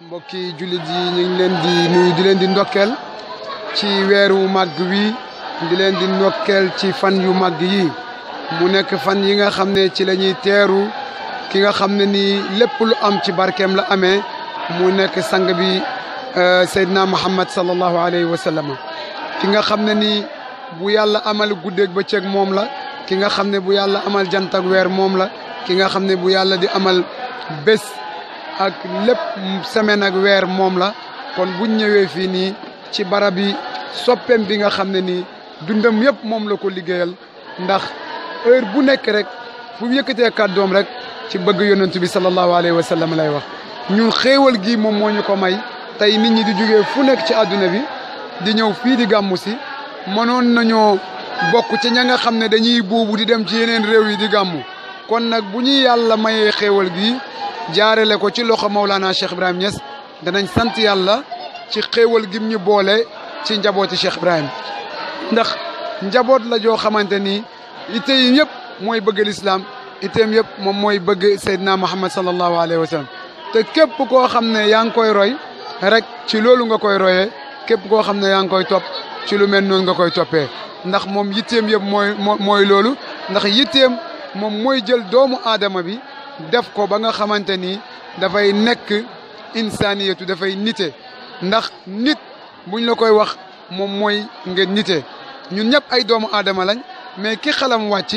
mbokki jullit yi ñu leen di nuyu di leen di ndokkeel ci weeru màgg wi di leen di ndokkeel ci fan yu màgg yi mu nekk fan yi nga xam ne ci la ñuy teeru ki nga xam ne nii lépp lu am ci barkeem la amee mu nekk sang bi euh, Seydina Muhammad sallallahu alayhi wa sallam ki nga xam ne nii bu yàlla amal ba bëccëg moom la ki nga xam ne bu yàlla amal jant ak weer moom la ki nga xam ne bu yàlla di amal bés ak lépp semaine ak weer moom la kon buñ ñëwee fii nii ci barab yi soppeem bi nga xam ne nii dundam yëpp moom la ko liggéeyal ndax heure bu nekk rek fu yëkkatee kàddoom rek ci bëgg yonent bi sallallahu alayhi wa sallam lay wax ñun xéewal gi moom moo ñu ko may tey nit ñi di jógee fu nekk ci àdduna bi di ñëw fii di gàmmu si mënoon nañoo bokk ci ña nga xam ne dañuy buubu di dem ci yeneen réew yi di gàmmu kon nag bu ñuy yàlla mayee xéewal gi jaarale ko ci loxo Maulana Cheikh Ibrahim Niass danañ sant yàlla ci xéewal gim ñu boole ci njabooti Cheikh Ibrahim ndax njaboot la joo xamante ni ite yi mooy bëgg lislaam iteem yëpp moom mooy bëgg Seydina Muhammad sallallahu alayhi wa sallam te képp koo xam ne yaa ngi koy roy rek ci loolu nga koy royee képp koo xam ne yaa ngi koy topp ci lu mel noonu nga koy toppee ndax moom yitteem yëpp mooy mooy loolu ndax yitteem moom mooy jël doomu aadama bi def ko ba nga xamante ni dafay nekk insaniyatu dafay nite ndax nit ñu la koy wax moom mooy nga nite ñun ñëpp ay doomu aadama lañ mais ki xalam wàcc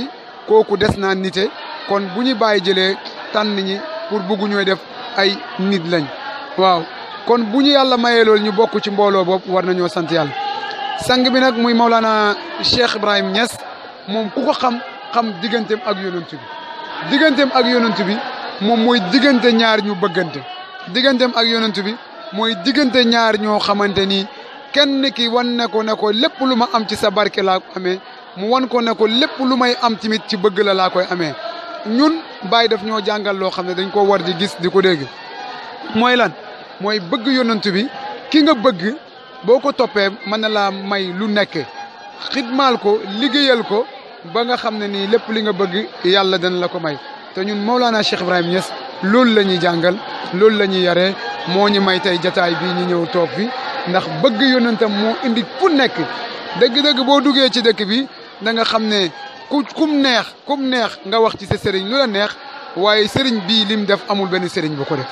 kooku des naa nite kon bu ñu bàyyi jëlee tànn ñi pour bugg ñooy def ay nit lañ waaw kon bu ñu yàlla mayee loolu ñu bokk ci mbooloo boobu war nañoo sant yàlla sang bi nag muy Maulana Cheikh Ibrahim Niass moom ku ko xam xam digganteem ak yonent digganteem ak yonent bi moom mooy diggante ñaar ñu bëggante digganteem ak yonent bi mooy diggante ñaar ñoo xamante ni kenn ki wan ne ko ne ko lépp lu ma am ci sa barke laa ko amee mu wan ko ne ko lépp lu may am tamit ci bëgg la laa koy amee ñun Baay def ñoo jàngal loo xam ne dañ ko war ji gis di ko dégg mooy lan mooy bëgg yonent bi ki nga bëgg boo ko toppee mën na laa may lu nekk xidmaal ko liggéeyal ko ba nga xam ne nii lépp li nga bëgg yàlla dana la ko may te ñun Mawlana Cheikh Ibrahim Niass loolu la ñuy jàngal loolu la ñuy yaree moo ñu may tey jataay bii ñu ñëw toog fi ndax bëgg yonentam moo indi fu nekk dëgg-dëgg boo duggee ci dëkk bi da nga xam ne ku kum neex kum neex nga wax ci sa sëriñ lu la neex waaye sëriñ bii lim def amul benn sëriñ bu ko def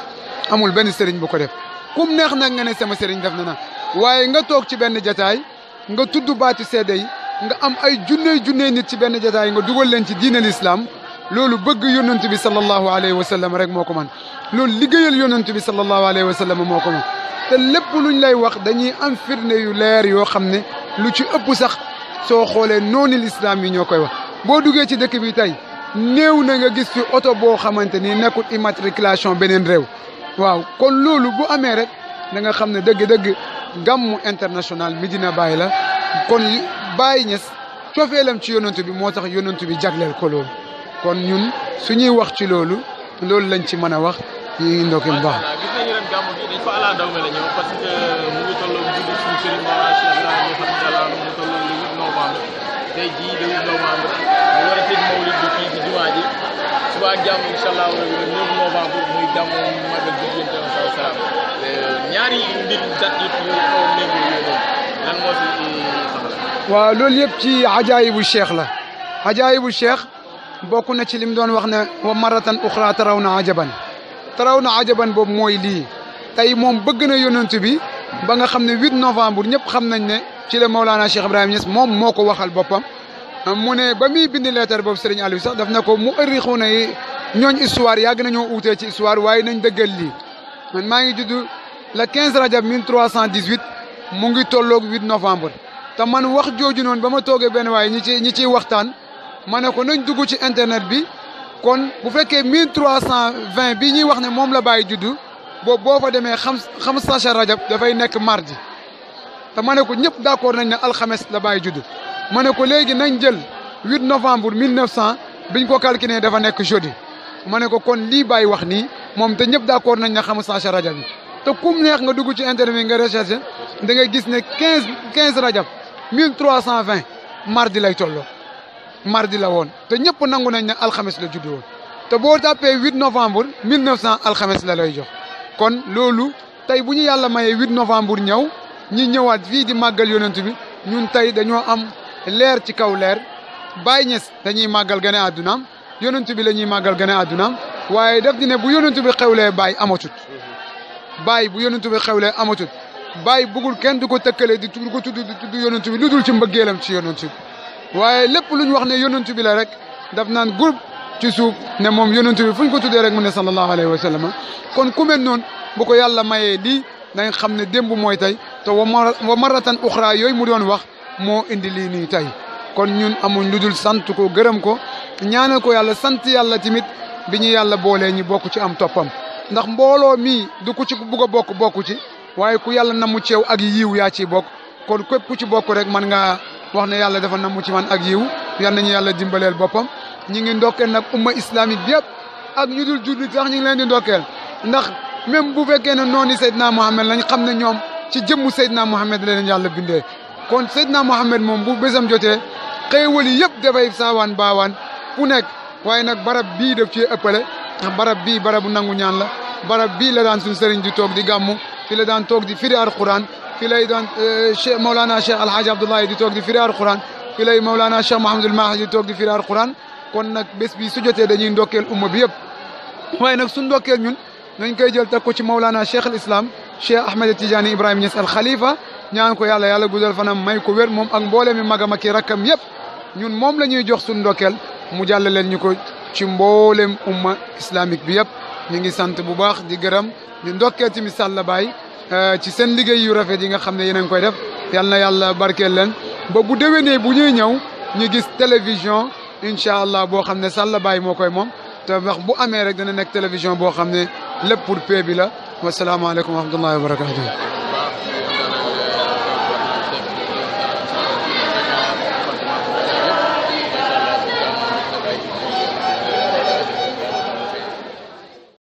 amul benn sëriñ bu ko def kum neex nag nga ne sama sëriñ def na na waaye nga toog ci benn jataay nga tudd baati seede yi nga am ay junney junney nit ci benn jataay nga dugal leen ci diine lislaam loolu bëgg yonent bi sallallahu alayhi wa sallam rek moo ko man loolu liggéeyal yonent bi sallallahu alayhi wa sallam moo ko man te lépp luñ lay wax dañuy am firnde yu leer yoo xam ne lu ci ëpp sax soo xoolee noonu lislaam yi ñoo koy wax boo duggee ci dëkk bi tey néew na nga gis ci oto boo xamante ni nekkul immatriculation beneen réew waaw kon loolu bu amee rek da nga xam ne dëgg-dëgg gàmmu international Medina Baye la Baye Niass cofeelam ci yonantu bi moo tax yonantu bi jagleel ko loolu kon ñun suñuy wax ci loolu loolu lañ ci mën a wax yi ndoki baax tey jii le huit mu war a tëj mawlid bi fii ci jumaa ji suba ak jàmm incha allah le neuf novembre muy gàmmu magal bi yéen tamit salaam ñaari mbir date yi fi ñu xaw a méngoo yooyu lan moo ci waaw loolu yëpp ci ajaayibu cheikh la ajaayibu cheikh bokk na ci lim doon wax ne wa maratan uxra taraw na ajaban taraw na ajaban boobu mooy lii tey moom bëgg na yonent bi ba nga xam ne 8 novembre ñëpp xam nañ ne ci la Maulana Cheikh Ibrahima Niass moom moo ko waxal boppam mu ne ba muy bind leetar boobu Serigne Aliou sax daf ne ko mu ërixu na ñooñ histoire yàgg nañoo uutee ci histoire waaye nañ dëggal lii man maa ngi judd le 15 rajab 1318 mu ngi tolloog 8 novembre te man wax jooju noonu ba ma toogee benn waaye ñi ci ñi ciy waxtaan ma ne ko nañ dugg ci internet bi kon bu fekkee mille trois cent vingt bi ñuy wax ne moom la bàyyi juddu boobu boo fa demee xam xam sacha rajab dafay nekk mardi te ma ne ko ñëpp nañ ne alxames la bàyyi juddu ma ne ko léegi nañ jël 8 novembre 1900 biñ ko calculé dafa nekk jeudi ma ne ko kon lii bàyyi wax nii moom te ñëpp d'accord nañ ne xam sacha rajab yi te kum neex nga dugg ci internet bi nga recherche da ngay gis ne quinze quinze rajab 1320 mardi lay tolloo mardi la woon te ñëpp nangu nañ ne alxames la judd woon te boo tàppee 8 novembre 1900 alxames la lay jox kon loolu tey bu ñu yàlla mayee 8 novembre ñëw ñi ñëwaat fii di màggal yonent bi ñun tey dañoo am leer ci kaw leer Baay Ñas dañuy màggal ga gane àddunaam yonent bi la ñuy màggal gane àddunaam waaye daf di ne bu yonent bi xew xewlee Baay amatut Baay bu yonent bi xewlee amatut bàyyi bëggul kenn du ko tëkkale di ko tudd di tudd yonent bi lu dul ci mbëggeelam ci yonent bi waaye lépp lu ñu wax ne yonent bi la rek daf naan groupe ci suuf ne moom yonent bi fu ñu ko tuddee rek mu ne sallallahu alayhi wa sallam kon ku mel noonu bu ko yàlla mayee lii danga xam ne démb mooy tey te wa maratan uxra yooyu mu doon wax moo indi lii nii tey kon ñun amuñ lu dul sant ko gërëm ko ñaanal ko yàlla sant yàlla tamit bi ñu yàlla boolee ñi bokk ci am toppam ndax mbooloo mii du ci a bokk bokk ci waaye ku yàlla namu ci ak yiw yaa ciy bokk kon képp ku ci bokk rek man nga wax ne yàlla dafa namu ci man ak yiw yal nañu yàlla dimbaleel boppam ñi ngi ndokkeel nag umma islamique bi yëpp ak ñu dul jullit sax ñu ngi leen di ndokkeel ndax même bu fekkee ne noonu Seydina Mohamed lañ xam ne ñoom ci jëmmu Seydina Mohamed leen yàlla bindee kon Seydina Mohamed moom bu bésam jotee xéewal yi yëpp dafay saawaan baawaan fu nekk waaye nag barab bii daf cee ëppale barab bii barabu nangu ñaan la barab bii la daan suñu sëriñ di toog di gàmmu fi la daan toog di firi alquran fi lay daan Cheikh e, Mawlana Cheikh Alhaji Abdoulaye di toog di firi alquran fi lay Mawlana Cheikh Mouhamadul Mahi di toog di firi alquran kon nag bes bi su jotee dañuy ndokkeel umma bi yëpp waaye nag suñ ndokkeel ñun nañ koy jël teg ko ci Mawlana Cheikh al Islam Cheikh Ahmed Tidiane Ibrahima Niass al Khalifa ñaan ko yàlla yàlla guddal fanam may ko wér moom ak mboolem mi magam ak i rakkam yëpp ñun moom la ñuy jox suñ ndokkeel mu jàllaleen ñu ko ci mboolem umma islamique bi yëpp ñu ngi sant bu baax di gërëm di ndokkee tamit Sall Baye eh, ci seen liggéey yu rafet yi nga xam ne yéen a koy def yal na yàlla barkeel leen ba bu déwénee bu ñuy ñëw ñu gis télévision incha allah boo xam ne Sall Baye moo koy moom te wax bu amee rek ne nekk télévision boo xam ne lépp pour paix bi la wasalaamaaleykum wa rahmatullahi wa barakatuh